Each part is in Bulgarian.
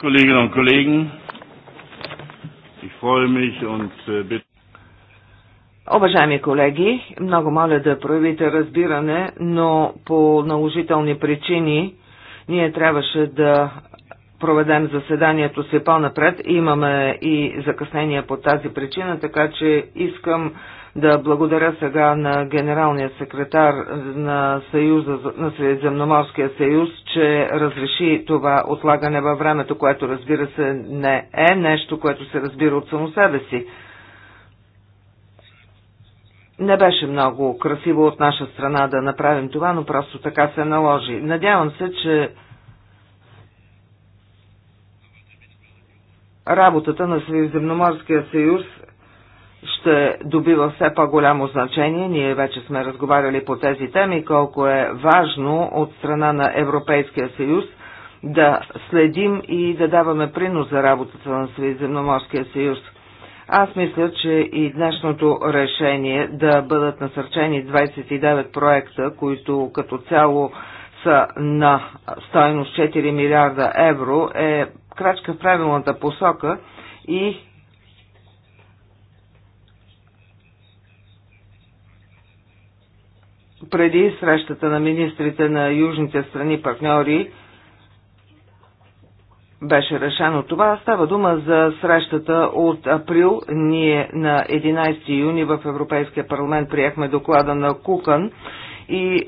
Kolleginnen und Kollegen, ich freue mich und äh, bitte. Обажаеми колеги, много моля да проявите разбиране, но по наложителни причини ние трябваше да проведем заседанието си по-напред. Имаме и закъснение по тази причина, така че искам да благодаря сега на генералния секретар на, съюза, на Средиземноморския съюз, че разреши това отлагане във времето, което разбира се не е нещо, което се разбира от само себе си. Не беше много красиво от наша страна да направим това, но просто така се наложи. Надявам се, че работата на Средиземноморския съюз ще добива все по-голямо значение. Ние вече сме разговаряли по тези теми, колко е важно от страна на Европейския съюз да следим и да даваме принос за работата на Средиземноморския съюз. Аз мисля, че и днешното решение да бъдат насърчени 29 проекта, които като цяло са на стойност 4 милиарда евро, е крачка в правилната посока и преди срещата на министрите на южните страни партньори беше решено това. Става дума за срещата от април. Ние на 11 юни в Европейския парламент приехме доклада на Кукън и е,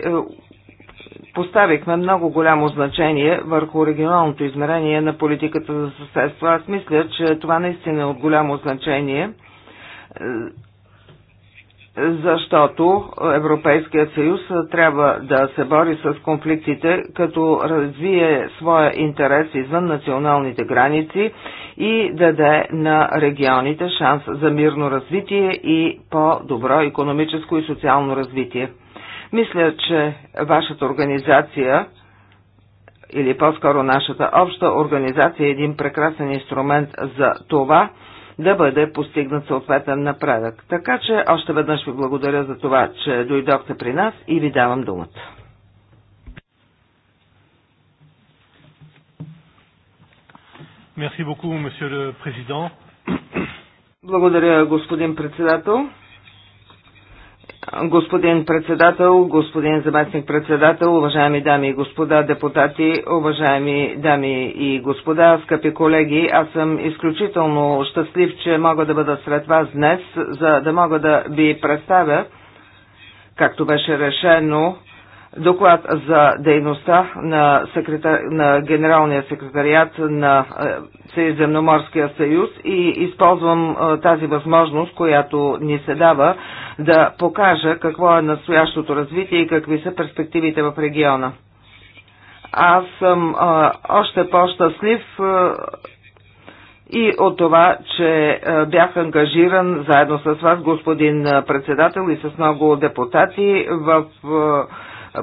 поставихме много голямо значение върху регионалното измерение на политиката за съседство. Аз мисля, че това наистина е от голямо значение е, защото Европейският съюз трябва да се бори с конфликтите, като развие своя интерес извън националните граници и даде на регионите шанс за мирно развитие и по-добро економическо и социално развитие. Мисля, че вашата организация или по-скоро нашата обща организация е един прекрасен инструмент за това – да бъде постигнат съответен напредък. Така че още веднъж ви благодаря за това, че дойдохте при нас и ви давам думата. Merci beaucoup, monsieur le président. Благодаря, господин председател. Господин председател, господин заместник председател, уважаеми дами и господа депутати, уважаеми дами и господа, скъпи колеги, аз съм изключително щастлив, че мога да бъда сред вас днес, за да мога да ви представя, както беше решено, доклад за дейността на, секретар... на Генералния секретариат на е, Средиземноморския съюз и използвам е, тази възможност, която ни се дава, да покажа какво е настоящото развитие и какви са перспективите в региона. Аз съм а, е, още по-щастлив а, и от това, че бях ангажиран заедно с вас, господин председател и с много депутати в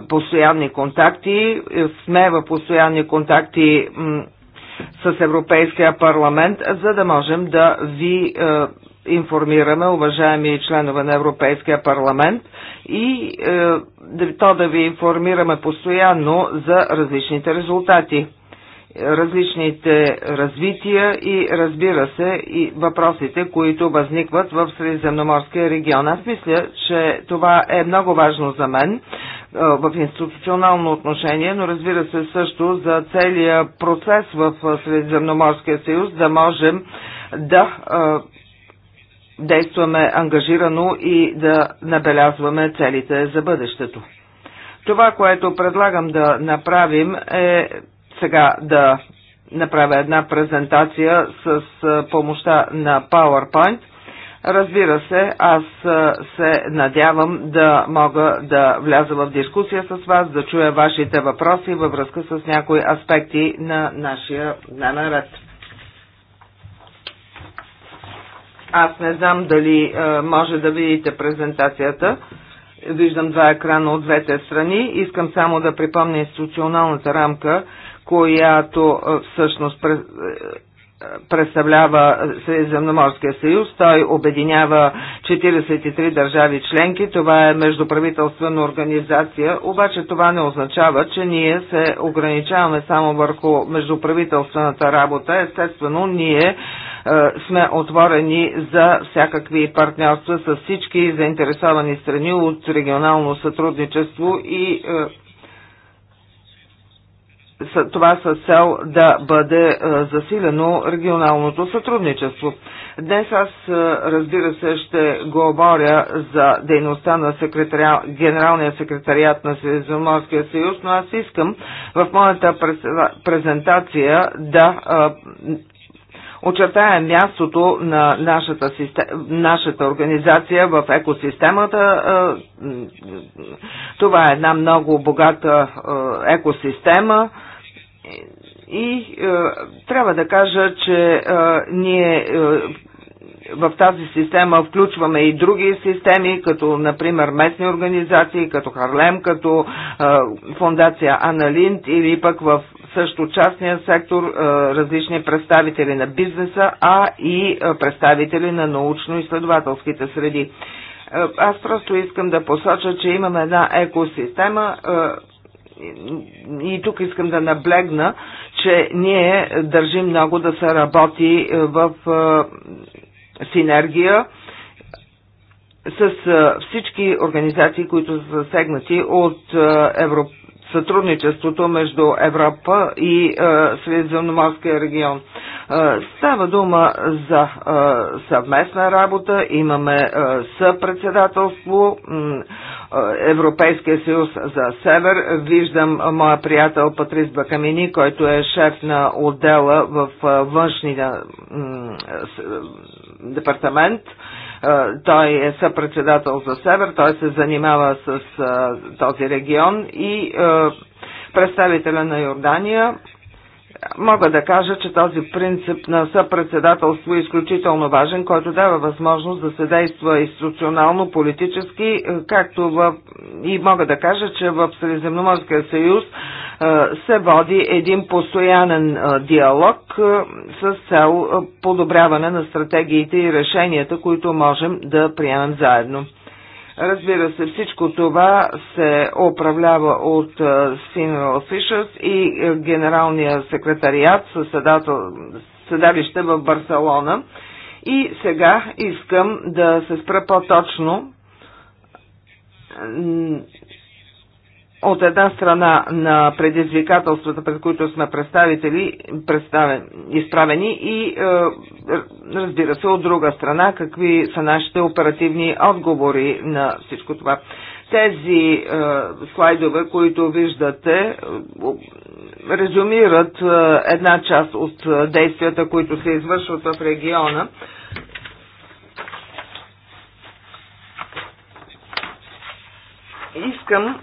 постоянни контакти. Сме в постоянни контакти с Европейския парламент, за да можем да ви е, информираме, уважаеми членове на Европейския парламент, и е, то да ви информираме постоянно за различните резултати, различните развития и разбира се и въпросите, които възникват в Средиземноморския регион. Аз мисля, че това е много важно за мен, в институционално отношение, но разбира се също за целия процес в Средиземноморския съюз, да можем да действаме ангажирано и да набелязваме целите за бъдещето. Това, което предлагам да направим е сега да направя една презентация с помощта на PowerPoint – Разбира се, аз се надявам да мога да вляза в дискусия с вас, да чуя вашите въпроси във връзка с някои аспекти на нашия дневен ред. Аз не знам дали може да видите презентацията. Виждам два екрана от двете страни. Искам само да припомня институционалната рамка, която всъщност представлява Средиземноморския съюз. Той обединява 43 държави членки. Това е междуправителствена организация, обаче това не означава, че ние се ограничаваме само върху междуправителствената работа. Естествено, ние е, сме отворени за всякакви партньорства с всички заинтересовани страни от регионално сътрудничество и е, това с цел да бъде е, засилено регионалното сътрудничество. Днес аз, е, разбира се, ще говоря за дейността на секретаря... Генералния секретариат на Средиземноморския съюз, но аз искам в моята презентация да е, очертая мястото на нашата, систем... нашата организация в екосистемата. Това е една много богата екосистема и е, трябва да кажа, че е, ние е, в тази система включваме и други системи, като например местни организации, като Харлем, като е, фундация Аналинт или пък в също частния сектор е, различни представители на бизнеса, а и е, представители на научно-изследователските среди. Е, аз просто искам да посоча, че имаме една екосистема, е, и тук искам да наблегна, че ние държим много да се работи е, в е, синергия с е, всички организации, които са засегнати от Евро... сътрудничеството между Европа и Средиземноморския регион. Е, става дума за е, съвместна работа, имаме е, съпредседателство, Европейския съюз за Север. Виждам моя приятел Патрис Бакамини, който е шеф на отдела в външния департамент. Той е съпредседател за Север, той се занимава с този регион и представителя на Йордания Мога да кажа, че този принцип на съпредседателство е изключително важен, който дава възможност да се действа институционално, политически, е, както в... и мога да кажа, че в Средиземноморския съюз е, се води един постоянен е, диалог с цел подобряване на стратегиите и решенията, които можем да приемем заедно. Разбира се, всичко това се управлява от Синвел Фишерс и генералния секретариат със седалище в Барселона. И сега искам да се спра по-точно от една страна на предизвикателствата, пред които сме представители, представен, изправени и е, разбира се от друга страна какви са нашите оперативни отговори на всичко това. Тези е, слайдове, които виждате, е, резюмират е, една част от действията, които се извършват в региона. Искам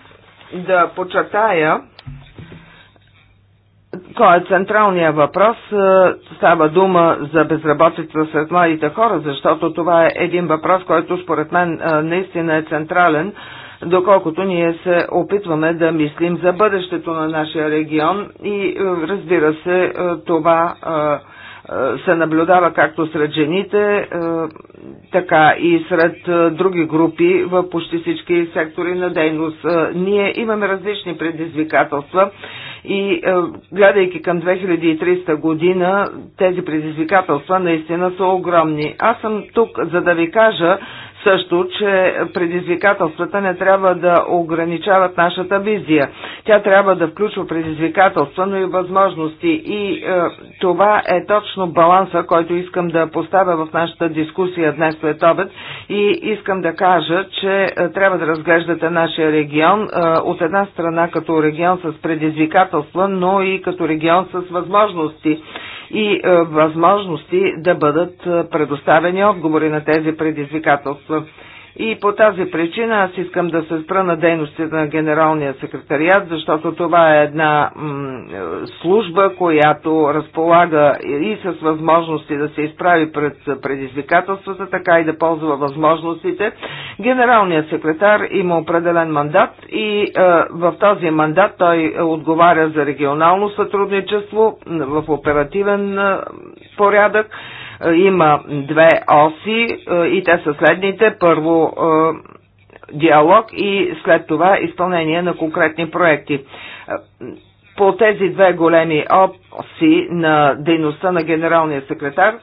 да почертая, кой е централният въпрос? Е, става дума за безработица сред младите хора, защото това е един въпрос, който според мен е, наистина е централен, доколкото ние се опитваме да мислим за бъдещето на нашия регион и е, разбира се това е се наблюдава както сред жените, е, така и сред е, други групи в почти всички сектори на дейност. Е, ние имаме различни предизвикателства и гледайки към 2300 година, тези предизвикателства наистина са огромни. Аз съм тук, за да ви кажа, също, че предизвикателствата не трябва да ограничават нашата визия. Тя трябва да включва предизвикателства, но и възможности. И е, това е точно баланса, който искам да поставя в нашата дискусия днес след обед. И искам да кажа, че е, трябва да разглеждате нашия регион е, от една страна като регион с предизвикателства, но и като регион с възможности и е, възможности да бъдат е, предоставени отговори на тези предизвикателства. И по тази причина аз искам да се спра на дейностите на Генералния секретариат, защото това е една служба, която разполага и с възможности да се изправи пред предизвикателствата, така и да ползва възможностите. Генералният секретар има определен мандат и е, в този мандат той отговаря за регионално сътрудничество в оперативен е, порядък е, има две оси е, и те са следните. Първо е, диалог и след това изпълнение на конкретни проекти. По тези две големи оси на дейността на генералния секретар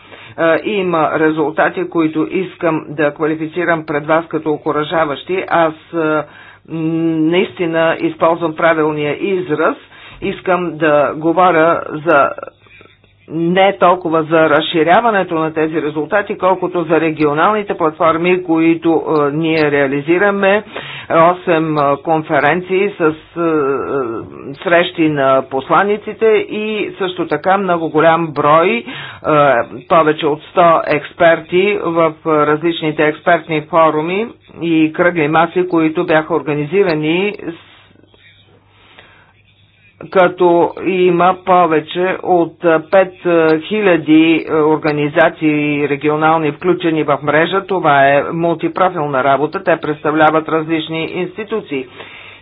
има резултати, които искам да квалифицирам пред вас като окоръжаващи. Аз наистина използвам правилния израз. Искам да говоря за не толкова за разширяването на тези резултати, колкото за регионалните платформи, които е, ние реализираме. 8 е, конференции с е, е, срещи на посланиците и също така много голям брой, е, повече от 100 експерти в е, различните експертни форуми и кръгли маси, които бяха организирани като има повече от 5000 организации регионални включени в мрежа. Това е мултипрофилна работа. Те представляват различни институции.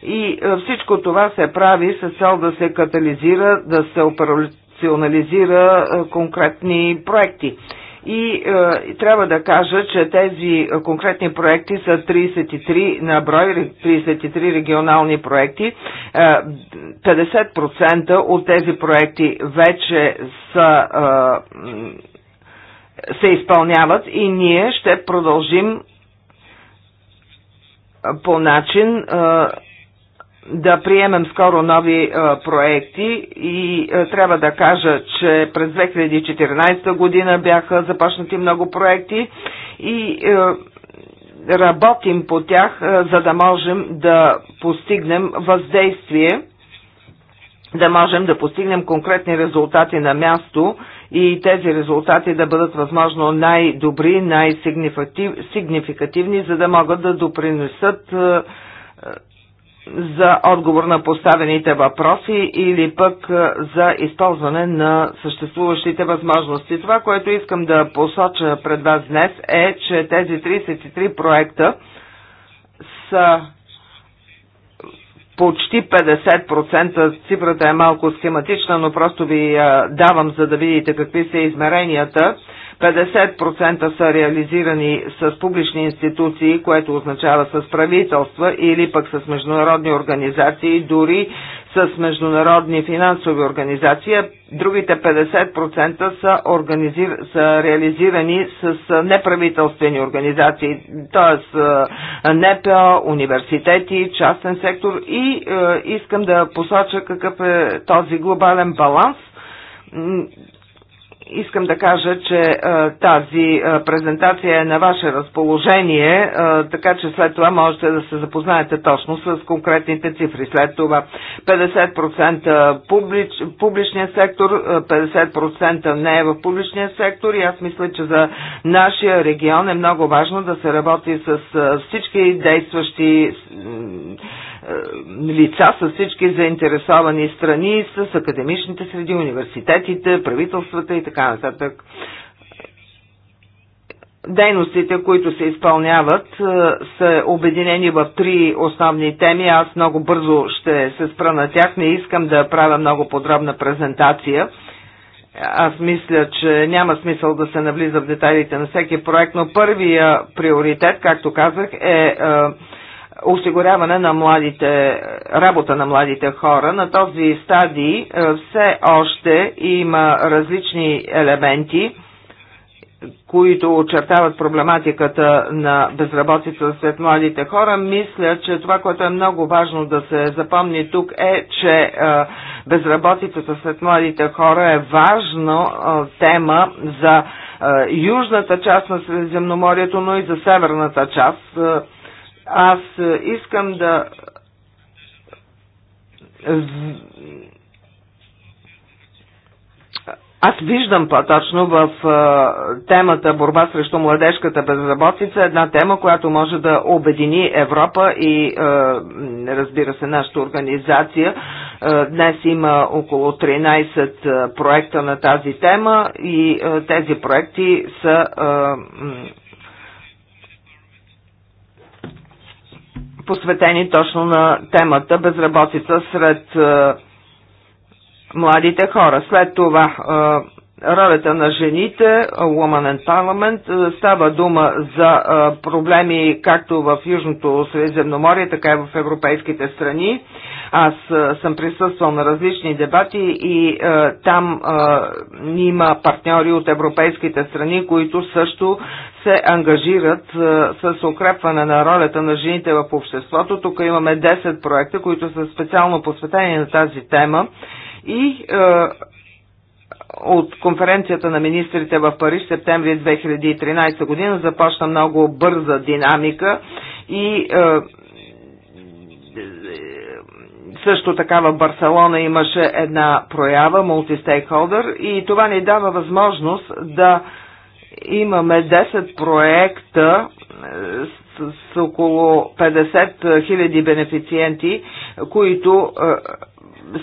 И всичко това се прави с цел да се катализира, да се операционализира конкретни проекти. И е, трябва да кажа, че тези конкретни проекти са 33 на брой, 33 регионални проекти. Е, 50% от тези проекти вече са. Е, се изпълняват и ние ще продължим е, по начин е, да приемем скоро нови а, е, проекти и а, е, трябва да кажа, че през 2014 година бяха започнати много проекти и а, е, работим по тях, а, за да можем да постигнем въздействие, да можем да постигнем конкретни резултати на място и тези резултати да бъдат възможно най-добри, най-сигнификативни, за да могат да допринесат а, за отговор на поставените въпроси или пък е, за използване на съществуващите възможности. Това, което искам да посоча пред вас днес е, че тези 33 проекта са почти 50%. Цифрата е малко схематична, но просто ви е, давам, за да видите какви са измеренията 50% са реализирани с публични институции, което означава с правителства или пък с международни организации, дори с международни финансови организации. Другите 50% са, организир... са реализирани с неправителствени организации, т.е. НПО, университети, частен сектор и е, искам да посоча какъв е този глобален баланс Искам да кажа, че е, тази е, презентация е на ваше разположение, е, така че след това можете да се запознаете точно с конкретните цифри. След това 50% публич, публичния сектор, 50% не е в публичния сектор и аз мисля, че за нашия регион е много важно да се работи с всички действащи е, лица с всички заинтересовани страни, с академичните среди, университетите, правителствата и така нататък. Дейностите, които се изпълняват, е, са обединени в три основни теми. Аз много бързо ще се спра на тях. Не искам да правя много подробна презентация. Аз мисля, че няма смисъл да се навлиза в детайлите на всеки проект, но първия приоритет, както казах, е, е осигуряване на младите, работа на младите хора. На този стадий е, все още има различни елементи, които очертават проблематиката на безработица сред младите хора. Мисля, че това, което е много важно да се запомни тук е, че е, безработицата сред младите хора е важна е, тема за южната част на Средиземноморието, но и за северната част аз искам да аз виждам по-точно в темата борба срещу младежката безработица една тема, която може да обедини Европа и разбира се нашата организация. днес има около 13 проекта на тази тема и тези проекти са посветени точно на темата безработица сред е, младите хора. След това е, ролята на жените, Women and Parliament. Е, става дума за е, проблеми както в Южното Средиземноморие, така и в европейските страни. Аз е, съм присъствал на различни дебати и е, там е, има партньори от европейските страни, които също се ангажират е, с укрепване на ролята на жените в обществото. Тук имаме 10 проекта, които са специално посветени на тази тема и е, от конференцията на министрите в Париж септември 2013 година започна много бърза динамика и е, също така в Барселона имаше една проява, мултистейкхолдър, и това ни дава възможност да имаме 10 проекта е, с, с около 50 000 бенефициенти, които е,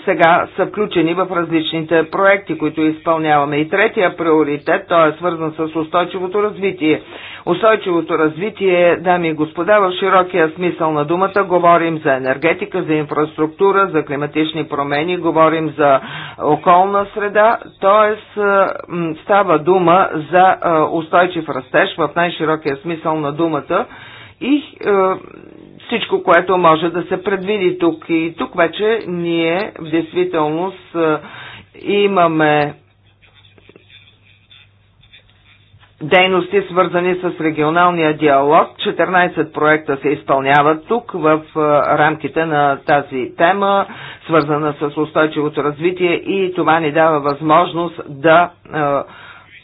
сега са включени в различните проекти, които изпълняваме. И третия приоритет, той е свързан с устойчивото развитие. Устойчивото развитие, дами и господа, в широкия смисъл на думата говорим за енергетика, за инфраструктура, за климатични промени, говорим за околна среда, т.е. Е, става дума за е, устойчив растеж в най-широкия смисъл на думата и е, всичко, което може да се предвиди тук. И тук вече ние в действителност имаме дейности, свързани с регионалния диалог. 14 проекта се изпълняват тук в рамките на тази тема, свързана с устойчивото развитие и това ни дава възможност да е,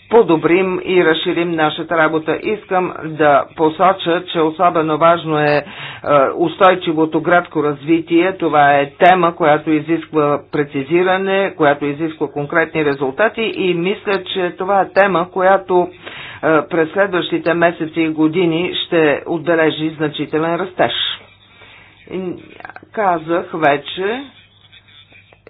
подобрим и разширим нашата работа. Искам да посоча, че особено важно е, е устойчивото градско развитие. Това е тема, която изисква прецизиране, която изисква конкретни резултати и мисля, че това е тема, която е, през следващите месеци и години ще отбележи значителен растеж. Казах вече,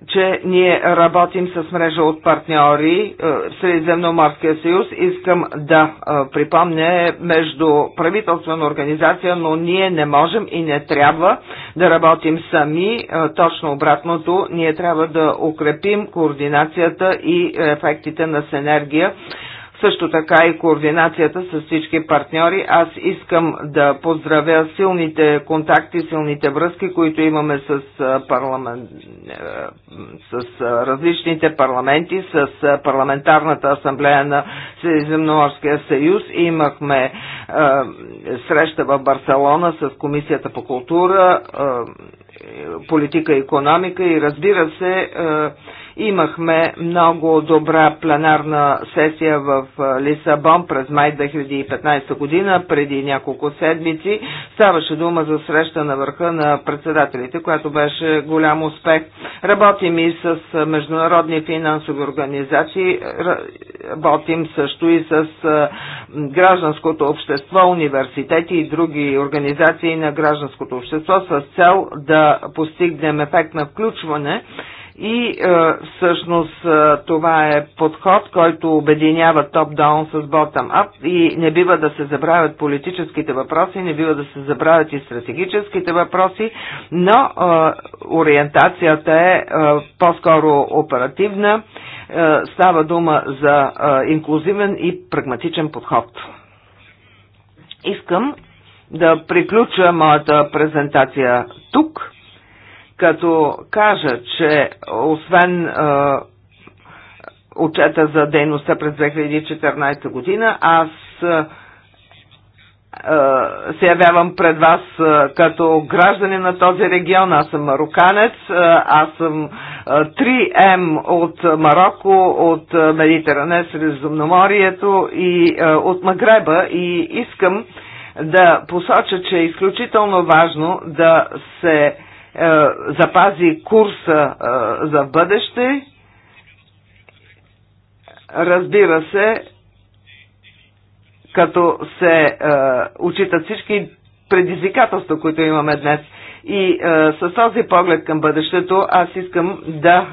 че ние работим с мрежа от партньори в е, Средиземноморския съюз. Искам да е, припомня е между правителствена организация, но ние не можем и не трябва да работим сами. Точно обратното, ние трябва да укрепим координацията и ефектите на синергия също така и координацията с всички партньори. Аз искам да поздравя силните контакти, силните връзки, които имаме с, парламент, е, с различните парламенти, с парламентарната асамблея на Средиземноморския съюз. Имахме е, среща в Барселона с Комисията по култура, е, политика и економика и разбира се, е, Имахме много добра пленарна сесия в Лисабон през май 2015 година, преди няколко седмици. Ставаше дума за среща на върха на председателите, която беше голям успех. Работим и с международни финансови организации, работим също и с гражданското общество, университети и други организации на гражданското общество с цел да постигнем ефект на включване и е, всъщност е, това е подход, който обединява топ-даун с ботъм-ап и не бива да се забравят политическите въпроси, не бива да се забравят и стратегическите въпроси, но е, ориентацията е, е по-скоро оперативна. Е, става дума за е, инклюзивен и прагматичен подход. Искам да приключа моята презентация тук като кажа, че освен а, отчета за дейността през 2014 година, аз а, се явявам пред вас като граждани на този регион. Аз съм мароканец, аз съм 3М от Марокко, от Медитеране, Средиземноморието и от Магреба и искам да посоча, че е изключително важно да се е, запази курса е, за бъдеще. Разбира се, като се е, учитат всички предизвикателства, които имаме днес. И е, с този поглед към бъдещето аз искам да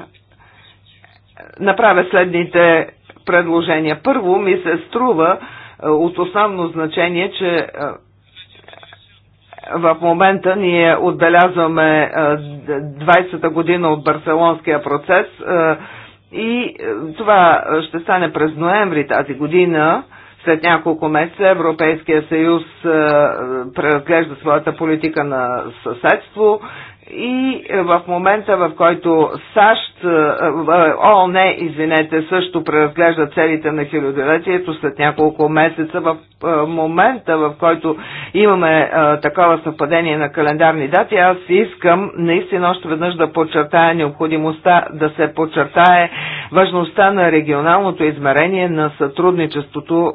направя следните предложения. Първо ми се струва е, от основно значение, че е, в момента ние отбелязваме 20-та година от Барселонския процес и това ще стане през ноември тази година. След няколко месеца Европейския съюз преразглежда своята политика на съседство. И в момента, в който САЩ, е, е, ООН, извинете, също преразглежда целите на хилядолетието след няколко месеца, в е, момента, в който имаме такова съвпадение на календарни дати, аз искам наистина още веднъж да подчертая необходимостта да се подчертае важността на регионалното измерение на сътрудничеството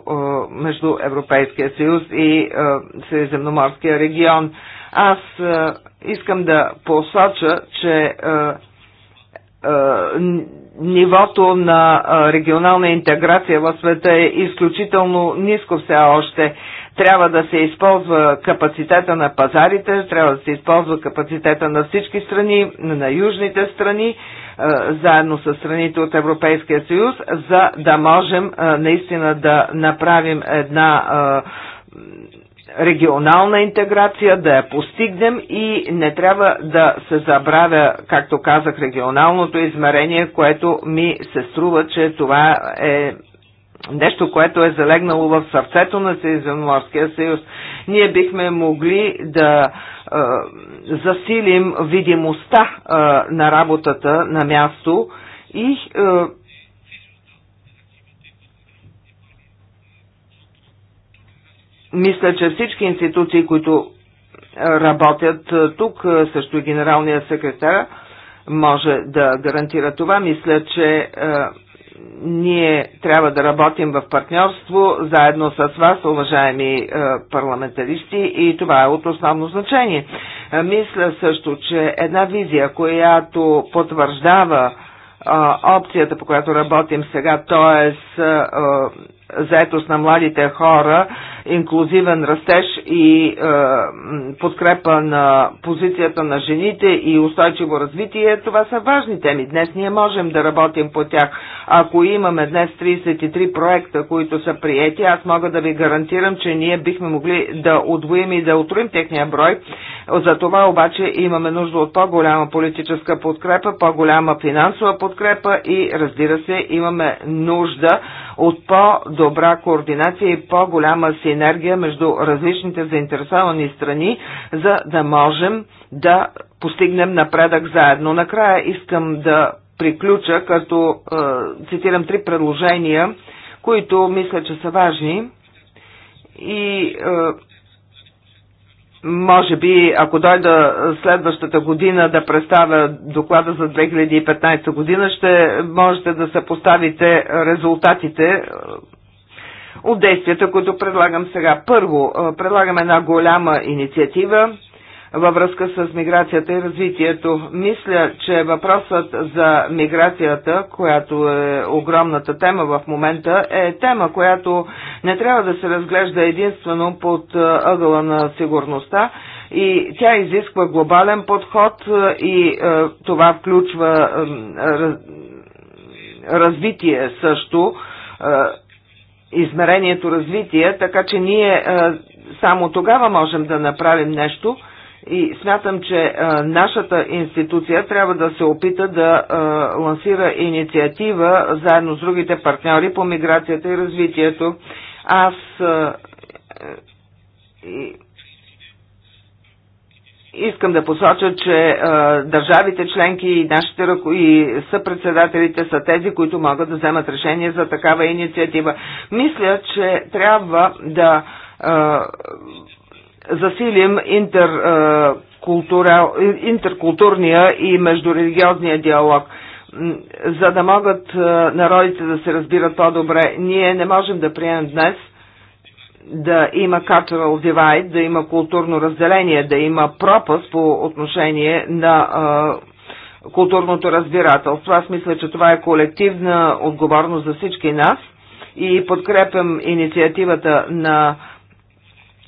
между Европейския съюз и Средиземноморския регион. Аз е, искам да посоча, че е, е, нивото на е, регионална интеграция в света е изключително ниско все още. Трябва да се използва капацитета на пазарите, трябва да се използва капацитета на всички страни, на южните страни, е, заедно с страните от Европейския съюз, за да можем е, наистина да направим една регионална интеграция, да я постигнем и не трябва да се забравя, както казах, регионалното измерение, което ми се струва, че това е нещо, което е залегнало в сърцето на Средиземноморския съюз. Ние бихме могли да е, засилим видимостта е, на работата на място и е, Мисля, че всички институции, които е, работят е, тук, е, също и генералния секретар, може да гарантира това. Мисля, че ние трябва да работим в партньорство заедно с вас, уважаеми парламентаристи, и това е от основно значение. Мисля също, че една визия, която потвърждава опцията, по която работим сега, т.е заетост на младите хора, инклюзивен растеж и е, подкрепа на позицията на жените и устойчиво развитие, това са важни теми. Днес ние можем да работим по тях. Ако имаме днес 33 проекта, които са приети, аз мога да ви гарантирам, че ние бихме могли да отвоим и да отруим техния брой за това обаче имаме нужда от по-голяма политическа подкрепа, по-голяма финансова подкрепа и разбира се имаме нужда от по-добра координация и по-голяма синергия между различните заинтересовани страни, за да можем да постигнем напредък заедно. Накрая искам да приключа, като е, цитирам три предложения, които мисля, че са важни и е, може би, ако дойда следващата година да представя доклада за 2015 година, ще можете да съпоставите резултатите е, от действията, които предлагам сега. Първо, е, предлагам една голяма инициатива във връзка с миграцията и развитието. Мисля, че въпросът за миграцията, която е огромната тема в момента, е тема, която не трябва да се разглежда единствено под е, ъгъла на сигурността и тя изисква глобален подход е, и е, това включва е, развитие също, е, измерението развитие, така че ние е, само тогава можем да направим нещо – и смятам, че а, нашата институция трябва да се опита да а, лансира инициатива заедно с другите партньори по миграцията и развитието. Аз а, и, искам да посоча, че а, държавите членки и нашите ръко... и съпредседателите са тези, които могат да вземат решение за такава инициатива. Мисля, че трябва да а, засилим интер, култура, интеркултурния и междурелигиозния диалог, за да могат народите да се разбират по-добре. Ние не можем да приемем днес да има cultural divide, да има културно разделение, да има пропаст по отношение на културното разбирателство. Аз мисля, че това е колективна отговорност за всички нас и подкрепям инициативата на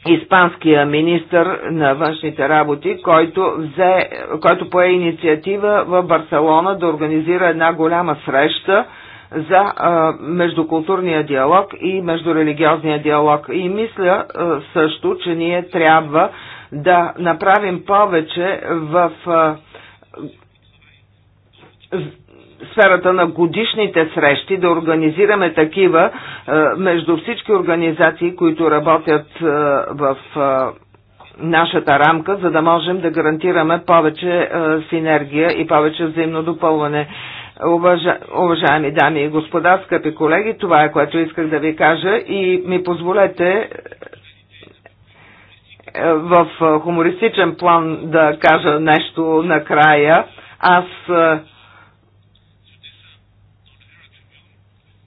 испанския министр на външните работи, който, взе, който пое инициатива в Барселона да организира една голяма среща за а, междукултурния диалог и междурелигиозния диалог. И мисля а, също, че ние трябва да направим повече в а, сферата на годишните срещи да организираме такива е, между всички организации, които работят е, в е, нашата рамка, за да можем да гарантираме повече синергия и повече взаимно допълване. Уважа, уважаеми дами и господа, скъпи колеги, това е което исках да ви кажа и ми позволете в хумористичен план да кажа нещо накрая. Аз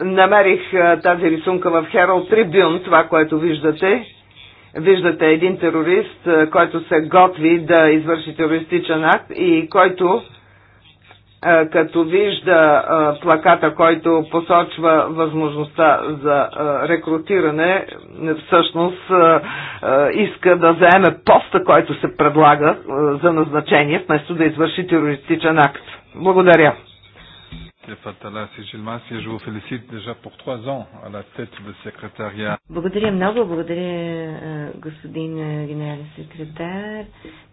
намерих тази рисунка в Herald Tribune, това, което виждате. Виждате един терорист, който се готви да извърши терористичен акт и който като вижда плаката, който посочва възможността за рекрутиране, всъщност иска да заеме поста, който се предлага за назначение, вместо да извърши терористичен акт. Благодаря. Благодаря много, благодаря е, господин е, генерален секретар.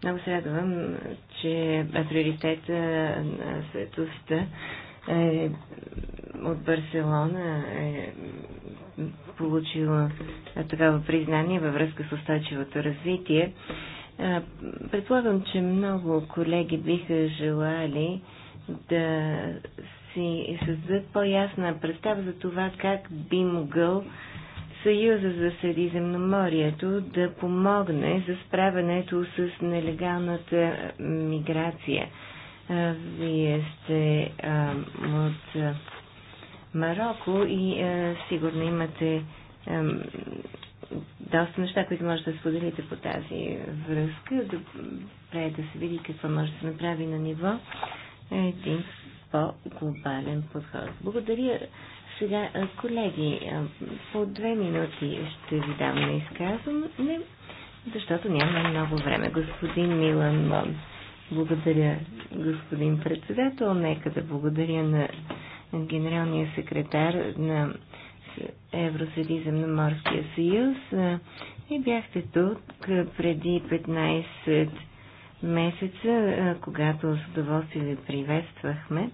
Много се радвам, че приоритета е, на светостта е, от Барселона е получила такава признание във връзка с устойчивото развитие. Предполагам, че много колеги биха желали да си създадат по-ясна представа за това как би могъл Съюза за Средиземноморието да помогне за справянето с нелегалната миграция. Вие сте а, от а, Марокко и а, сигурно имате а, доста неща, които можете да споделите по тази връзка. Добре да се види какво може да се направи на ниво един по-глобален подход. Благодаря. Сега, колеги, по две минути ще ви дам на изказване, защото нямаме много време. Господин Милан Благодаря, господин председател. Нека да благодаря на генералния секретар на Морския съюз и бяхте тук преди 15 месеца, когато с удоволствие ви приветствахме.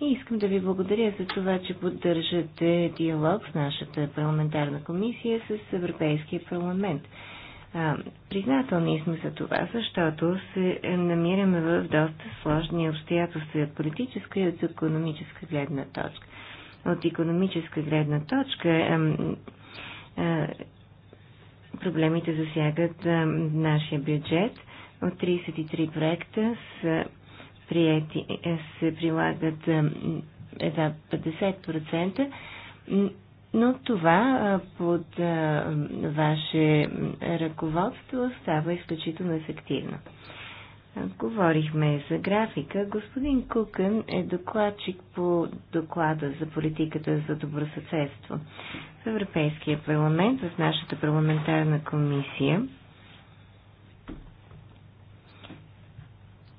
И искам да ви благодаря за това, че поддържате диалог с нашата парламентарна комисия с Европейския парламент. признателни сме за това, защото се намираме в доста сложни обстоятелства от политическа и от економическа гледна точка. От економическа гледна точка проблемите засягат нашия бюджет – от 33 проекта са приети, е, се прилагат е, едва 50%, но това е, под ваше ръководство става изключително ефективно. Говорихме за графика. Господин Кукън е докладчик по доклада за политиката за добросъседство в Европейския парламент, в нашата парламентарна комисия.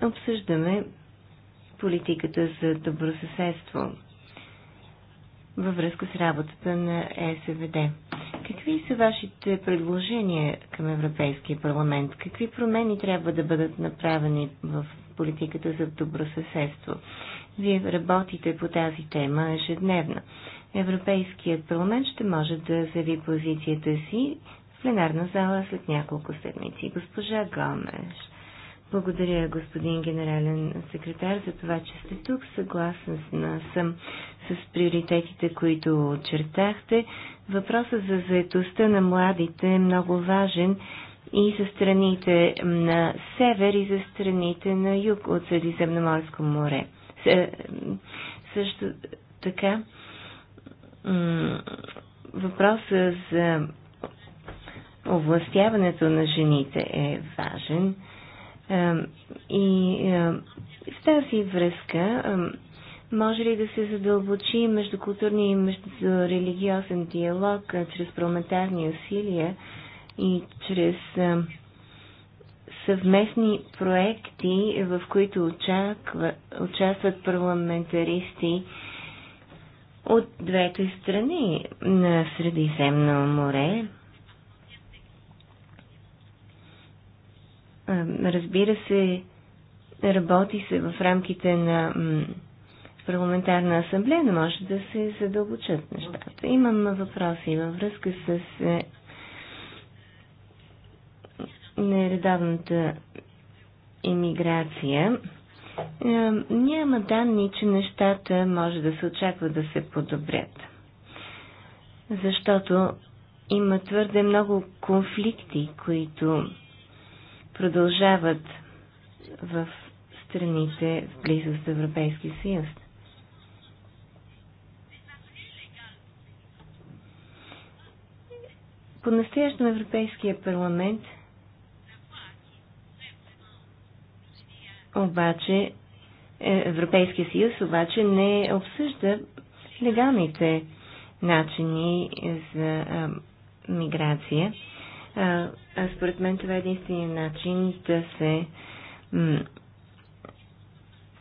обсъждаме политиката за добросъседство във връзка с работата на ЕСВД. Какви са вашите предложения към Европейския парламент? Какви промени трябва да бъдат направени в политиката за добросъседство? Вие работите по тази тема ежедневно. Европейският парламент ще може да заяви позицията си в пленарна зала след няколко седмици. Госпожа Гомеш. Благодаря, господин генерален секретар, за това, че сте тук. Съгласен съм с приоритетите, които очертахте. Въпросът за заетостта на младите е много важен и за страните на север и за страните на юг от Средиземноморско море. Също така, въпросът за овластяването на жените е важен. И в тази връзка може ли да се задълбочи междукултурния и междурелигиозен диалог чрез парламентарни усилия и чрез съвместни проекти, в които очаква, участват парламентаристи от двете страни на Средиземно море, Разбира се, работи се в рамките на парламентарна асамблея, но може да се задълбочат нещата. Имам въпроси във връзка с е, нередавната иммиграция. Няма данни, че нещата може да се очаква да се подобрят. Защото има твърде много конфликти, които продължават в страните в близост до Европейския съюз. по на Европейския парламент обаче е, Европейския съюз обаче не обсъжда легалните начини за миграция а, а според мен това е единствения начин да се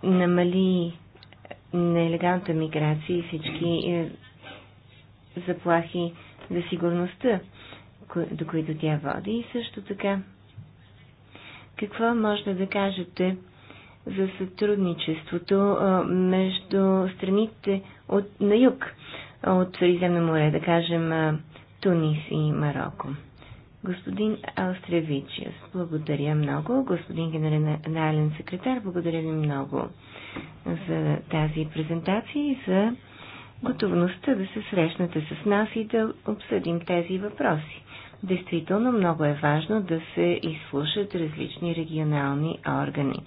намали нелегалната миграция и всички е, заплахи за сигурността, ко- до които тя води. И също така, какво можете да кажете за сътрудничеството а, между страните от, на юг от Средиземно море, да кажем а, Тунис и Марокко? господин Алстревичиус. Благодаря много. Господин генерален секретар, благодаря ви много за тази презентация и за готовността да се срещнете с нас и да обсъдим тези въпроси. Действително много е важно да се изслушат различни регионални органи.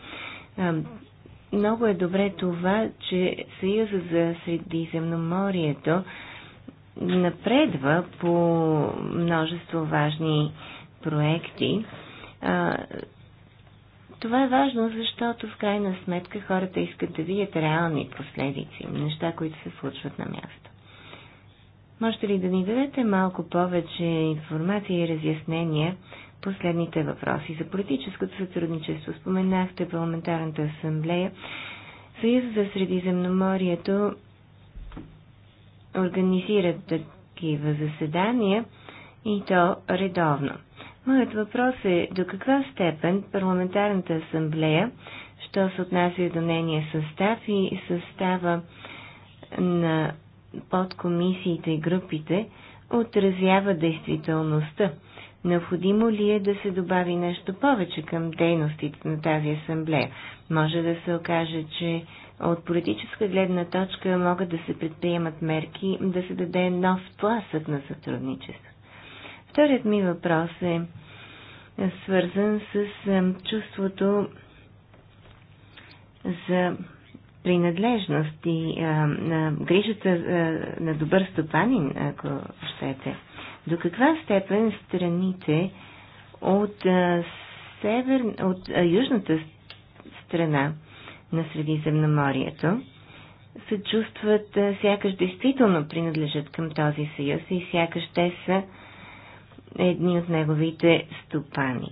Много е добре това, че Съюза за Средиземноморието напредва по множество важни проекти. Това е важно, защото в крайна сметка хората искат да видят реални последици, неща, които се случват на място. Можете ли да ни дадете малко повече информация и разяснения последните въпроси? За политическото сътрудничество споменахте парламентарната асамблея. Съюз за Средиземноморието организират такива заседания и то редовно. Моят въпрос е до каква степен парламентарната асамблея, що се отнася до нейния състав и състава на подкомисиите и групите, отразява действителността. Необходимо ли е да се добави нещо повече към дейностите на тази асамблея? Може да се окаже, че от политическа гледна точка могат да се предприемат мерки да се даде нов тласък на сътрудничество. Вторият ми въпрос е свързан с чувството за принадлежност и а, на грижата а, е, на добър стопанин, ако щете. До каква степен страните от, а, е, север, от а, е, южната страна на Средиземноморието, се чувстват е, сякаш действително принадлежат към този съюз и сякаш те са едни от неговите стопани.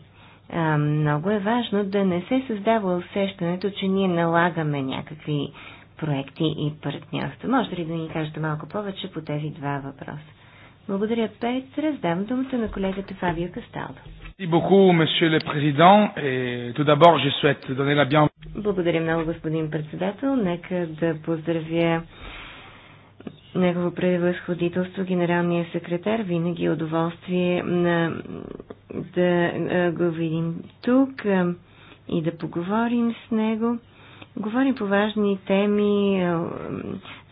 Много е важно да не се създава усещането, че ние налагаме някакви проекти и партньорства. Може ли да ни кажете малко повече по тези два въпроса? Благодаря, Петра. Раздавам думата на колегата Фабио Касталдо. Благодаря много, господин председател. Нека да поздравя негово превъзходителство генералния секретар. Винаги е удоволствие на, да го видим тук и да поговорим с него. Говори по важни теми, е,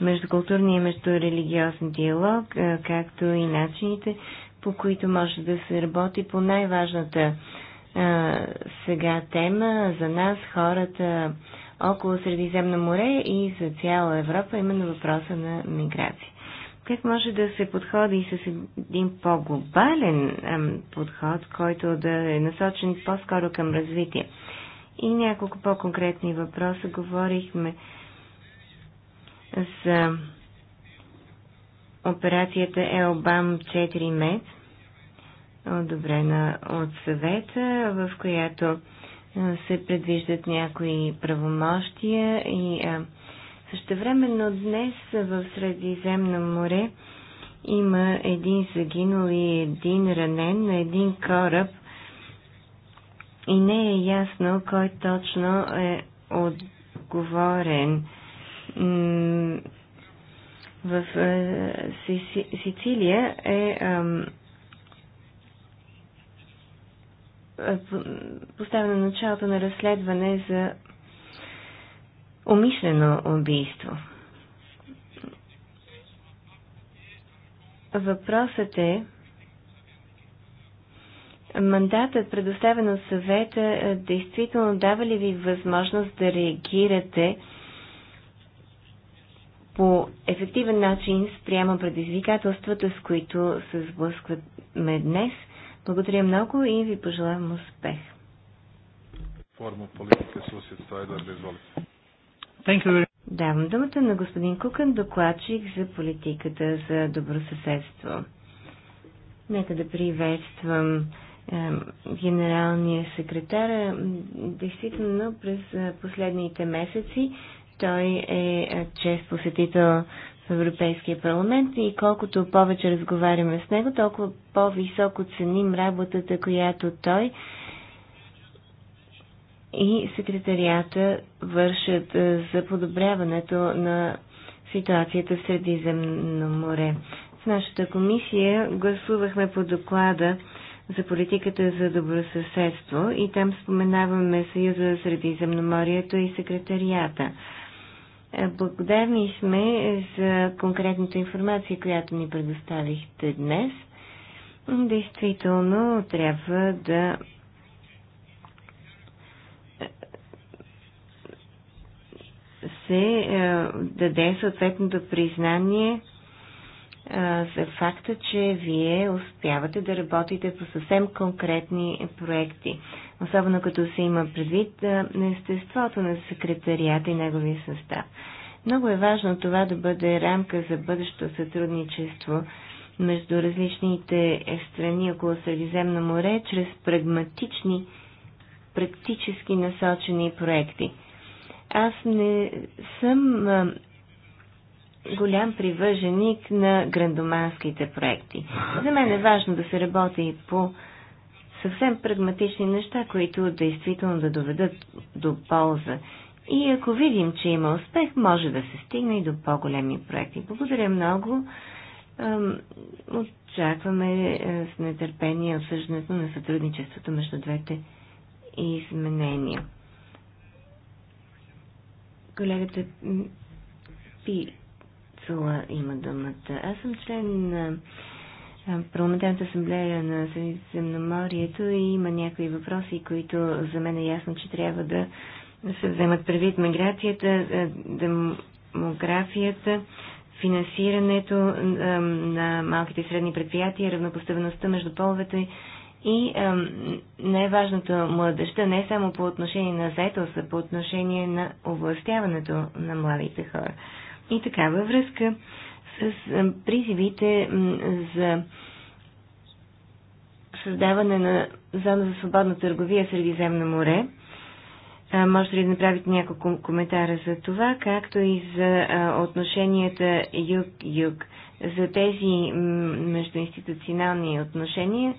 междукултурния и междурелигиозен диалог, е, както и начините, по които може да се работи по най-важната е, сега тема за нас, хората около Средиземно море и за цяла Европа, именно въпроса на миграция. Как може да се подходи и с един по-глобален подход, който да е насочен по-скоро към развитие? И няколко по-конкретни въпроса. Говорихме за операцията Елбам 4 мед, одобрена от съвета, в която се предвиждат някои правомощия и същевременно днес в Средиземно море има един загинал и един ранен на един кораб – и не е ясно кой точно е отговорен. В е, Сицилия е, е поставено началото на разследване за умишлено убийство. Въпросът е Мандатът, предоставен от съвета, е, действително дава ли ви възможност да реагирате по ефективен начин спрямо предизвикателствата, с които се сблъскваме днес? Благодаря много и ви пожелавам успех. Форма политика Давам думата на господин Кукан, докладчик за политиката за добросъседство. Нека да приветствам е, генералния секретар. Е, действително през е, последните месеци той е чест посетител в Европейския парламент и колкото повече разговаряме с него, толкова по-високо ценим работата, която той и секретарията вършат за подобряването на ситуацията в Средиземно море. В нашата комисия гласувахме по доклада за политиката за добросъседство и там споменаваме Съюза Средиземноморието и секретарията. Е, благодарни сме за конкретната информация, която ни предоставихте днес. Действително трябва да е, се е, даде съответното признание за факта, че вие успявате да работите по съвсем конкретни проекти. Особено като се има предвид на естеството на секретарията и неговия състав. Много е важно това да бъде рамка за бъдещо сътрудничество между различните страни около Средиземно море чрез прагматични, практически насочени проекти. Аз не съм голям привърженик на грандоманските проекти. За мен е важно да се работи и по съвсем прагматични неща, които действително да доведат до полза. И ако видим, че има успех, може да се стигне и до по-големи проекти. Благодаря много. Очакваме е, с нетърпение обсъждането на сътрудничеството между двете изменения. Колегата Пи Урсула има думата. Аз съм член на Парламентарната асамблея на Средиземноморието и има някои въпроси, които за мен е ясно, че трябва да се вземат предвид миграцията, демографията, финансирането на малките и средни предприятия, равнопоставеността между половете и най-важното младеща не само по отношение на заетост, а по отношение на овластяването на младите хора. И така, във връзка с призивите за създаване на зона за свободна търговия в Средиземно море, може ли да направите няколко коментара за това, както и за отношенията юг-юг, за тези междуинституционални отношения,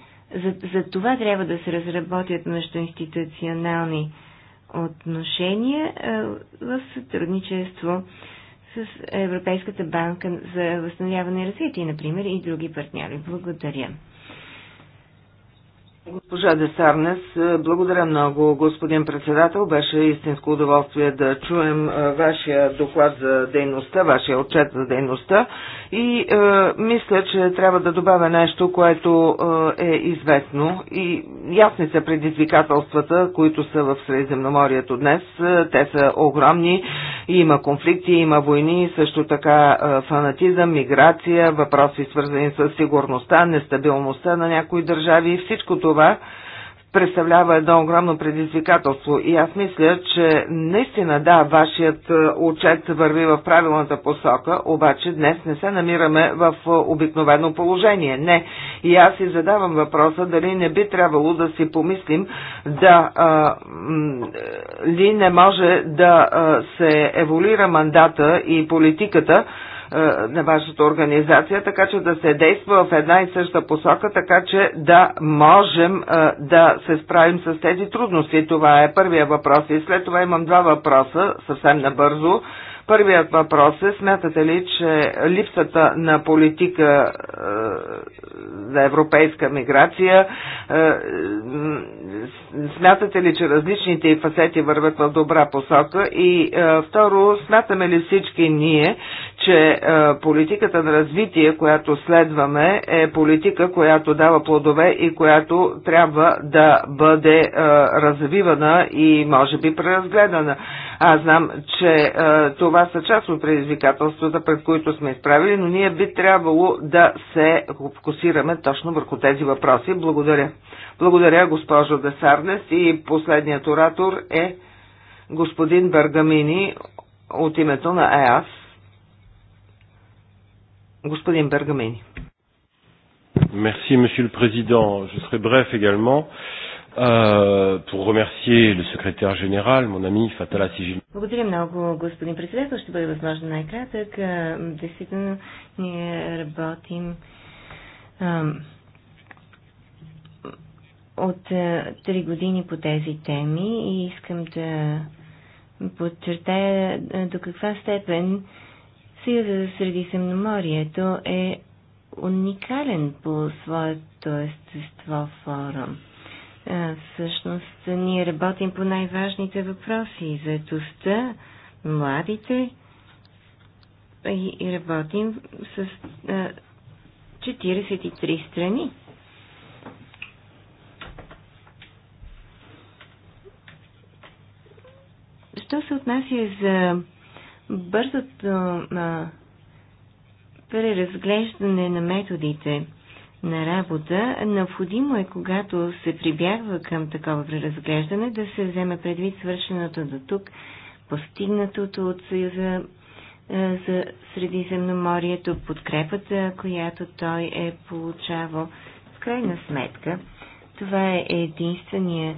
за, за това трябва да се разработят междуинституционални отношения в сътрудничество с Европейската банка за възстановяване и развитие, например, и други партньори. Благодаря. Госпожа Десарнес, благодаря много, господин председател. Беше истинско удоволствие да чуем вашия доклад за дейността, вашия отчет за дейността и е, мисля, че трябва да добавя нещо, което е, известно и ясни са предизвикателствата, които са в Средиземноморието днес. Те са огромни. Има конфликти, има войни, също така фанатизъм, миграция, въпроси свързани с сигурността, нестабилността на някои държави. Всичко това това представлява едно огромно предизвикателство и аз мисля, че наистина да, вашият е, отчет върви в правилната посока, обаче днес не се намираме в е, обикновено положение. Не. И аз си задавам въпроса дали не би трябвало да си помислим да а, е, ли не може да се еволира мандата и политиката, е, на вашата организация, така че да се действа в една и съща посока, така че да можем е, да се справим с тези трудности. Това е първия въпрос. И след това имам два въпроса, съвсем набързо. Първият въпрос е, смятате ли, че липсата на политика е, за европейска миграция, е, смятате ли, че различните фасети върват в добра посока? И е, второ, смятаме ли всички ние, че политиката на развитие, която следваме, е политика, която дава плодове и която трябва да бъде развивана и може би преразгледана. Аз знам, че а, е, това са част от предизвикателствата, пред които сме изправили, но ние би трябвало да се фокусираме точно върху тези въпроси. Благодаря. Благодаря, госпожо Десарнес. И последният оратор е господин Бергамини от името на ЕАС. Господин Бергамини. Merci, Monsieur президент. Je serai bref également. Euh, pour remercier le secrétaire général, mon ami Fatala Сижил. Благодаря много, господин председател. Ще бъде възможно най-кратък. Е, действително, ние работим от е, три години по тези теми и искам да подчертая е, до каква степен Съюза за Средиземноморието е уникален по своето естество форум всъщност ние работим по най-важните въпроси – етостта, младите и работим с 43 страни. Що се отнася за бързото преразглеждане на методите – на работа, необходимо е, когато се прибягва към такова преразглеждане, да се вземе предвид свършеното до тук, постигнатото от Съюза е, за Средиземноморието, подкрепата, която той е получавал. В крайна сметка, това е единствения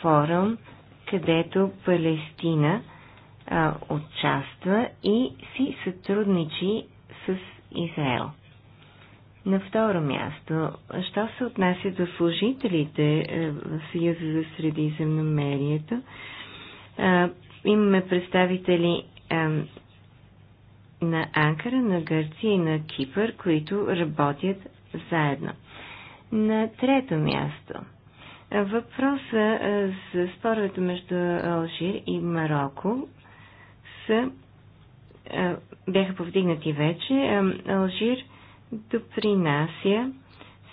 форум, където Палестина а, участва и си сътрудничи с Израел. На второ място, що се отнася до служителите е, в Съюза за средиземномерието, е, имаме представители е, на Анкара, на Гърция и на Кипър, които работят заедно. На трето място, въпроса за споровете между Алжир и Марокко са, бяха повдигнати вече. Алжир допринася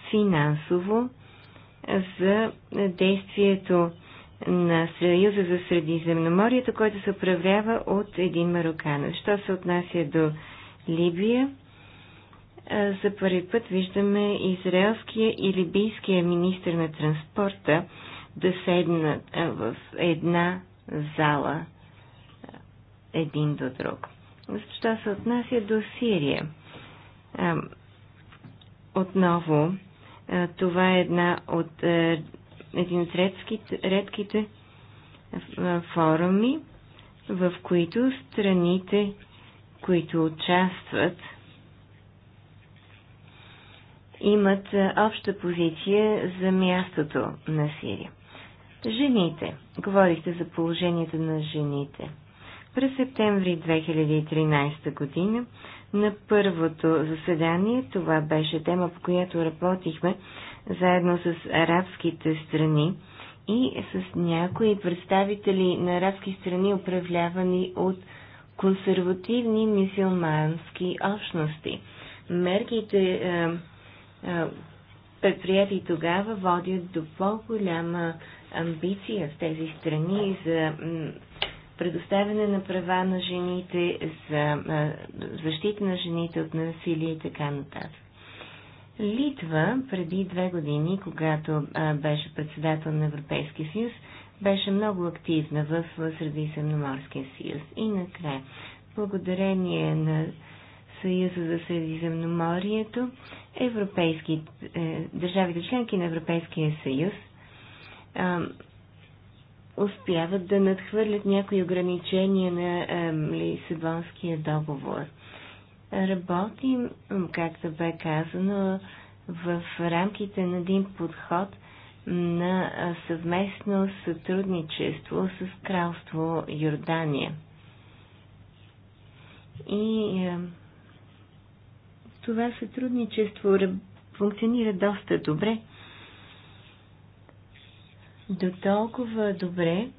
финансово за действието на Съюза за Средиземноморието, който се управлява от един марокан. Що се отнася до Либия, за първи път виждаме израелския и либийския министр на транспорта да седнат в една зала един до друг. Що се отнася до Сирия, отново, това е една от, един от редските, редките форуми, в които страните, които участват, имат обща позиция за мястото на Сирия. Жените. Говорихте за положението на жените. През септември 2013 година на първото заседание това беше тема, по която работихме заедно с арабските страни и с някои представители на арабски страни, управлявани от консервативни мисилмански общности. Мерките, е, е, предприяти тогава, водят до по-голяма амбиция в тези страни за предоставяне на права на жените, за защита на жените от насилие и така нататък. Литва преди две години, когато беше председател на Европейския съюз, беше много активна в Средиземноморския съюз. И накрая, благодарение на Съюза за Средиземноморието, европейски, е, държавите членки на Европейския съюз успяват да надхвърлят някои ограничения на Лисабонския договор. Работим, както бе казано, в рамките на един подход на съвместно сътрудничество с Кралство Йордания. И е, това сътрудничество функционира доста добре до толкова добре,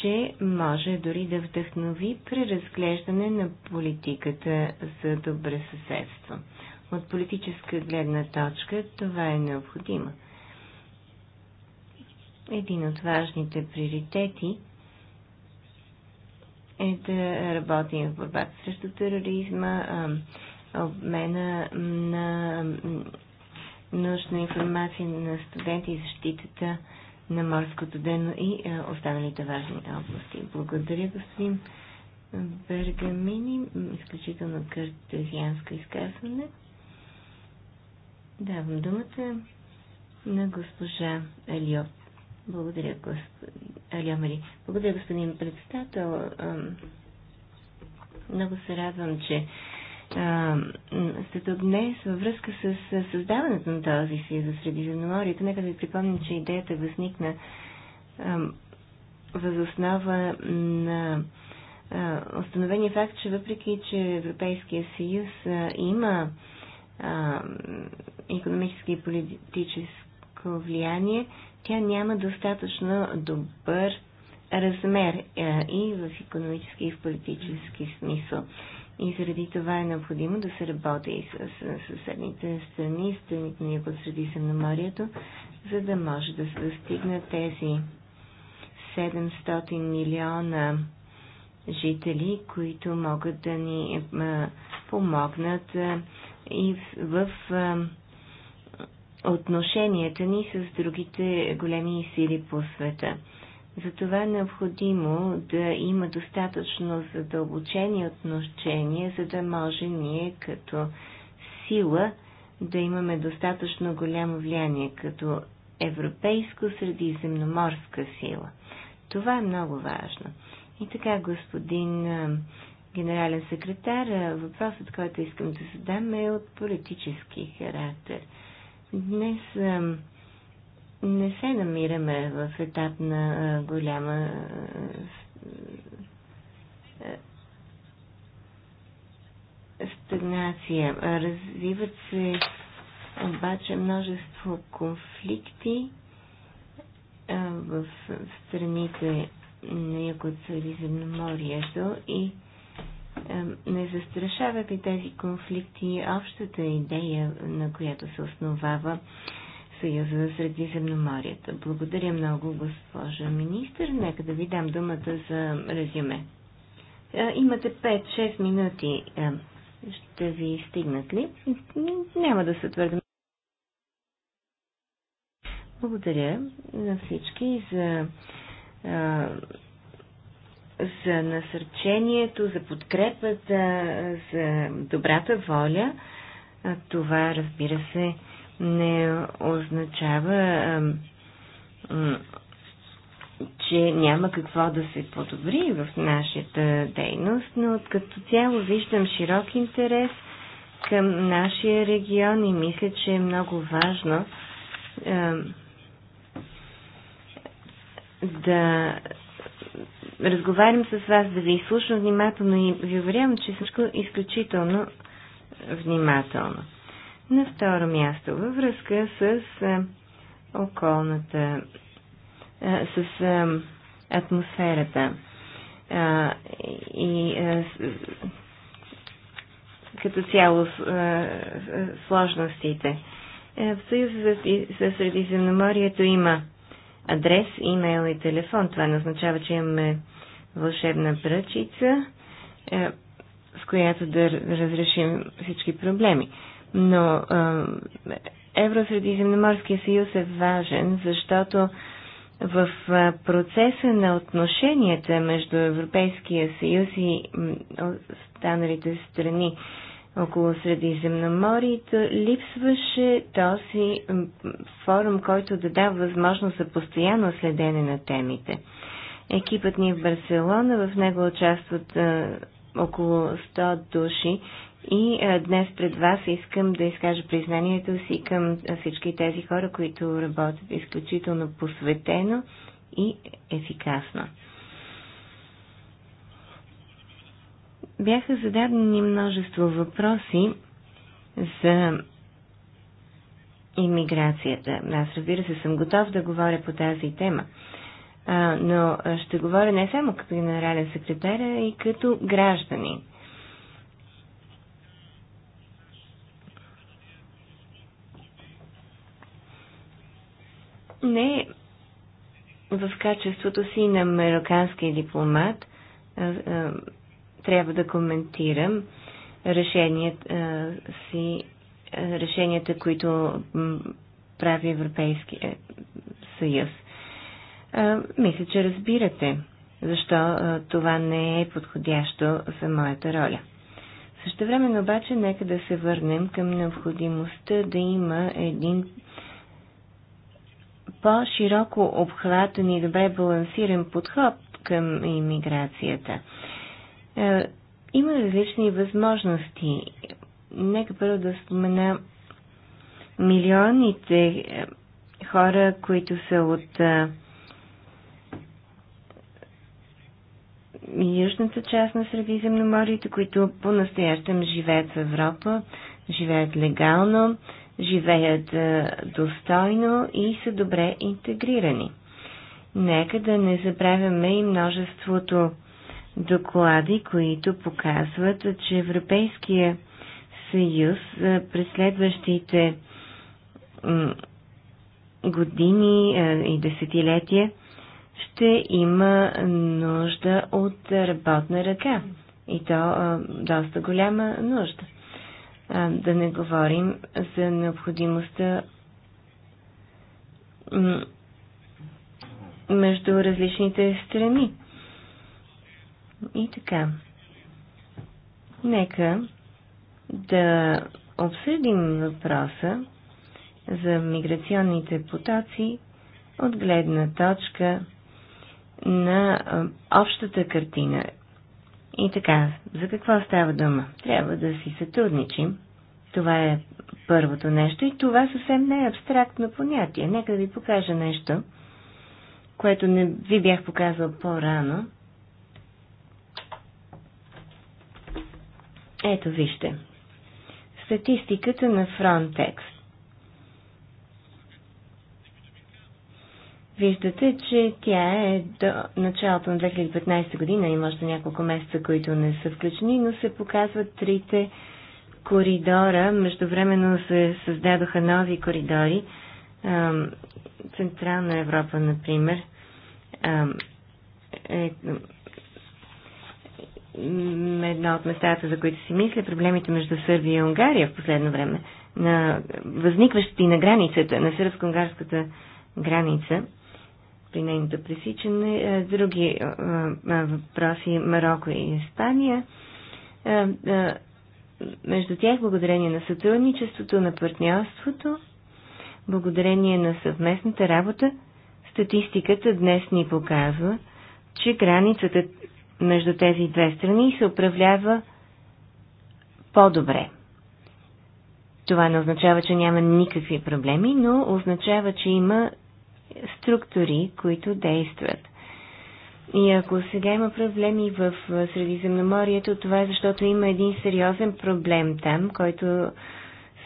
че може дори да вдъхнови преразглеждане на политиката за добре съседство. От политическа гледна точка това е необходимо. Един от важните приоритети е да работим в борбата срещу тероризма, обмена на научна информация на студенти и защитата на морското дено и е, останалите важни области. Благодаря, господин Бергамини. Изключително картезианско изказване. Давам думата на госпожа Алио. Благодаря, господин Алио Мари. Благодаря, господин председател. Много се радвам, че света днес във връзка с създаването на този си за Средиземноморието. Нека да ви припомня, че идеята възникна възоснова на установения факт, че въпреки, че Европейския съюз има економически и политическо влияние, тя няма достатъчно добър размер и в економически и в политически смисъл и заради това е необходимо да се работи и с, с съседните страни, страните ни под Средиземноморието, за да може да се достигнат тези 700 милиона жители, които могат да ни а, е, помогнат а, е, и в, в а, е, отношенията ни с другите големи сили по света. Затова е необходимо да има достатъчно задълбочени отношения, за да може ние като сила да имаме достатъчно голямо влияние като европейско средиземноморска сила. Това е много важно. И така, господин генерален секретар, въпросът, който искам да задам е от политически характер. Днес не се намираме в етап на голяма стагнация. Развиват се обаче множество конфликти в страните на Юго-Средиземноморието и не застрашават и тези конфликти общата идея, на която се основава Съюза за Средиземноморието. Благодаря много, госпожа министр. Нека да ви дам думата за резюме. Е, имате 5-6 минути. Е, ще ви стигнат ли? Няма да се твърдим. Благодаря на всички за, е, за насърчението, за подкрепата, за добрата воля. Това, разбира се, не означава, че няма какво да се подобри в нашата дейност, но като цяло виждам широк интерес към нашия регион и мисля, че е много важно да разговарям с вас, да ви изслушам внимателно и ви уверявам, че всичко е изключително внимателно. На второ място, във връзка с околната, с атмосферата и като цяло сложностите. В Съюза за Средиземноморието има адрес, имейл и телефон. Това не означава, че имаме вълшебна пръчица, с която да разрешим всички проблеми но Евросредиземноморския съюз е важен, защото в процеса на отношенията между Европейския съюз и останалите страни около Средиземноморието липсваше този форум, който да дава възможност за постоянно следене на темите. Екипът ни в Барселона, в него участват около 100 души и а, е, днес пред вас искам да изкажа признанието си към е, всички тези хора, които работят изключително посветено и ефикасно. Бяха зададени множество въпроси за иммиграцията. Аз разбира се съм готов да говоря по тази тема. но ще говоря не само като генерален секретар, а и като гражданин. не в качеството си на американския дипломат трябва да коментирам решенията си, решенията, които прави Европейския е, съюз. Мисля, че разбирате защо това не е подходящо за моята роля. Също време обаче нека да се върнем към необходимостта да има един по-широко обхватен и добре балансиран подход към иммиграцията. Е, има различни възможности. Нека първо да спомена милионите е, хора, които са от е, южната част на Средиземноморието, които по-настоящем живеят в Европа, живеят легално, живеят достойно и са добре интегрирани. Нека да не забравяме и множеството доклади, които показват, че Европейския съюз през следващите години и десетилетия ще има нужда от работна ръка. И то доста голяма нужда. Да не говорим за необходимостта между различните страни. И така. Нека да обсъдим въпроса за миграционните потоци от гледна точка на общата картина и така, за какво става дума? Трябва да си сътрудничим. Това е първото нещо и това съвсем не е абстрактно понятие. Нека да ви покажа нещо, което не ви бях показал по-рано. Ето вижте. Статистиката на Frontex. Виждате, че тя е до началото на 2015 година, има още няколко месеца, които не са включени, но се показват трите коридора. Междувременно се създадоха нови коридори. Централна Европа, например, е едно от местата, за които си мисля, проблемите между Сърбия и Унгария в последно време, на възникващи на границата, на сърбско-унгарската граница, при нейното пресичане. Е, други е, е, въпроси Марокко и Испания. Между тях, благодарение на сътрудничеството, на партньорството, благодарение на съвместната работа, статистиката днес ни показва, че границата между тези две страни се управлява по-добре. Това не означава, че няма никакви проблеми, но означава, че има структури, които действат. И ако сега има проблеми в Средиземноморието, това е защото има един сериозен проблем там, който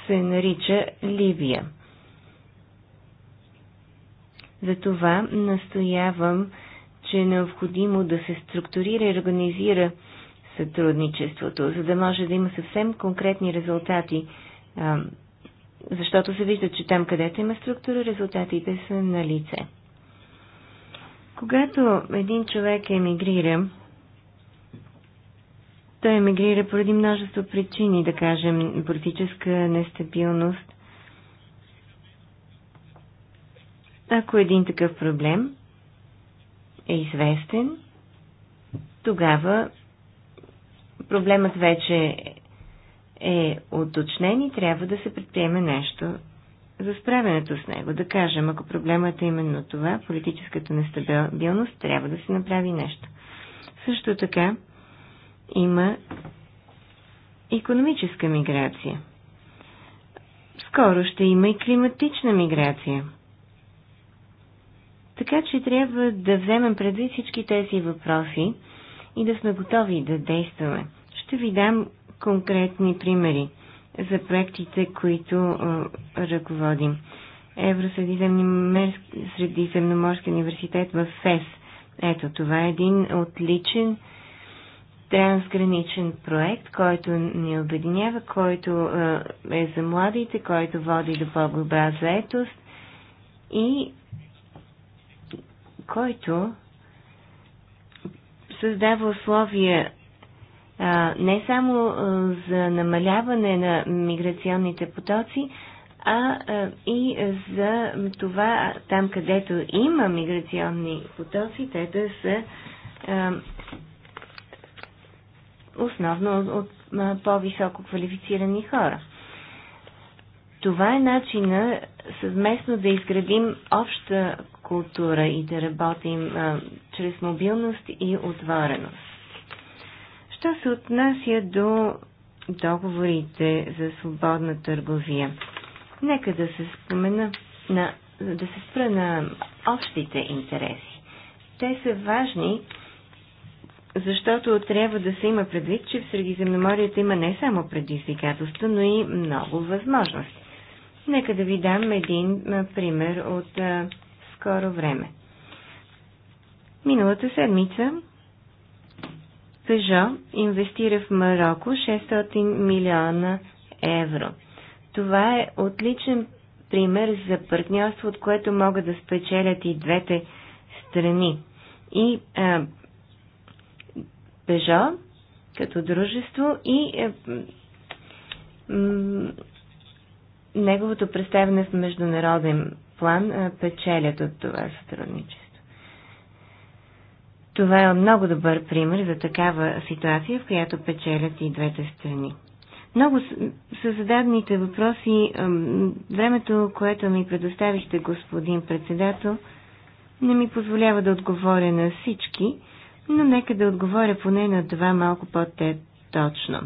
се нарича Ливия. Затова настоявам, че е необходимо да се структурира и организира сътрудничеството, за да може да има съвсем конкретни резултати защото се вижда, че там, където има структура, резултатите са на лице. Когато един човек емигрира, той емигрира поради множество причини, да кажем, политическа нестабилност. Ако един такъв проблем е известен, тогава проблемът вече е уточнен и трябва да се предприеме нещо за справянето с него. Да кажем, ако проблемът е именно това, политическата нестабилност, трябва да се направи нещо. Също така има економическа миграция. Скоро ще има и климатична миграция. Така че трябва да вземем предвид всички тези въпроси и да сме готови да действаме. Ще ви дам конкретни примери за проектите, които ръководим. Евросредиземноморски университет в ФЕС. Ето, това е един отличен трансграничен проект, който ни обединява, който е за младите, който води до по-добра заетост и който създава условия не само за намаляване на миграционните потоци, а и за това там, където има миграционни потоци, те да са основно от по-високо квалифицирани хора. Това е начина съвместно да изградим обща култура и да работим а, чрез мобилност и отвореност. Що се отнася до договорите за свободна търговия? Нека да се спомена на, да се спра на общите интереси. Те са важни, защото трябва да се има предвид, че в Средиземноморието има не само предизвикателства, но и много възможности. Нека да ви дам един пример от а, скоро време. Миналата седмица Peugeot инвестира в Марокко 600 милиона евро. Това е отличен пример за партньорство, от което могат да спечелят и двете страни. И а, Peugeot като дружество и а, неговото представяне в международен план а, печелят от това сътрудничество. Това е много добър пример за такава ситуация, в която печелят и двете страни. Много са зададените въпроси. Времето, което ми предоставихте, господин председател, не ми позволява да отговоря на всички, но нека да отговоря поне на два малко по-те точно.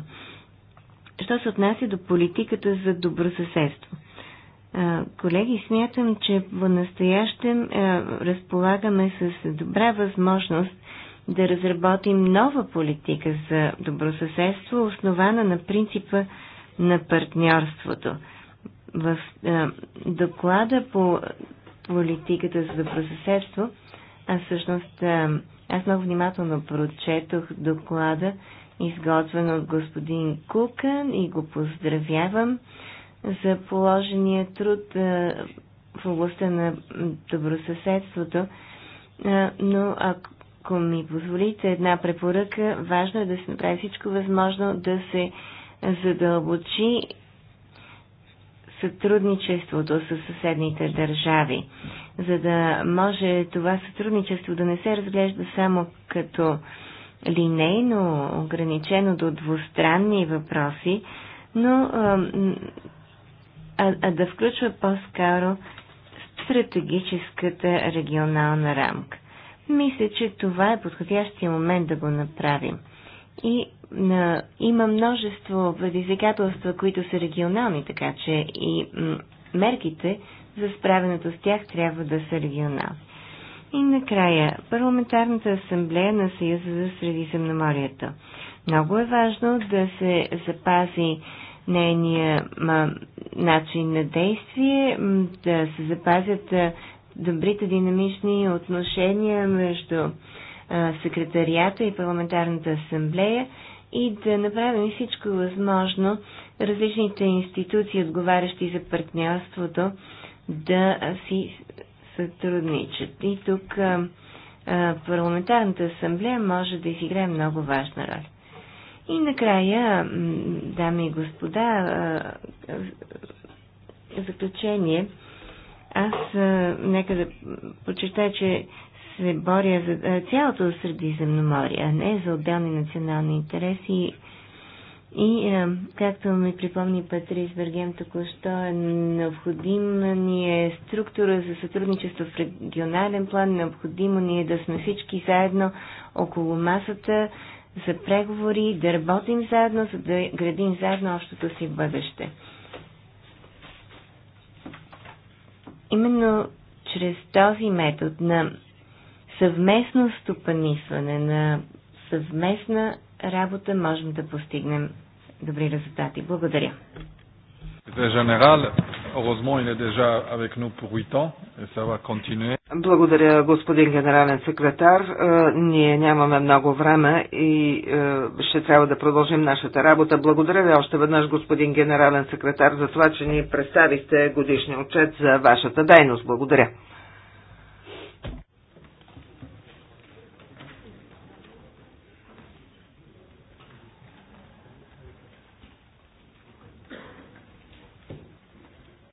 Що се отнася до политиката за добросъседство? Колеги, смятам, че по-настоящем разполагаме с добра възможност да разработим нова политика за добросъседство, основана на принципа на партньорството. В доклада по политиката за добросъседство, а всъщност аз много внимателно прочетох доклада, изготвен от господин Кукан и го поздравявам за положения труд в областта на добросъседството, но ако ми позволите една препоръка, важно е да се направи всичко възможно да се задълбочи сътрудничеството с съседните държави, за да може това сътрудничество да не се разглежда само като линейно ограничено до двустранни въпроси, но а, а да включва по-скоро стратегическата регионална рамка. Мисля, че това е подходящия момент да го направим. И на, има множество предизвикателства, които са регионални, така че и мерките за справянето с тях трябва да са регионални. И накрая, Парламентарната асамблея на Съюза за Средиземноморието. Много е важно да се запази нейния начин на действие, да се запазят добрите динамични отношения между а, секретарията и парламентарната асамблея и да направим всичко възможно различните институции, отговарящи за партньорството, да си сътрудничат. И тук а, парламентарната асамблея може да изиграе много важна роля. И накрая, дами и господа, заключение, аз нека да подчертая, че се боря за цялото Средиземноморие, а не за отделни национални интереси. И, както ми припомни Патрис Бергем току-що, е необходима ни е структура за сътрудничество в регионален план, необходимо ни е да сме всички заедно около масата, за преговори, да работим заедно, за да градим заедно общото си бъдеще. Именно чрез този метод на съвместно стопанисване, на съвместна работа можем да постигнем добри резултати. Благодаря. Благодаря, господин генерален секретар. Е, ние нямаме много време и е, ще трябва да продължим нашата работа. Благодаря ви още веднъж, господин генерален секретар, за това, че ни представихте годишния отчет за вашата дейност. Благодаря.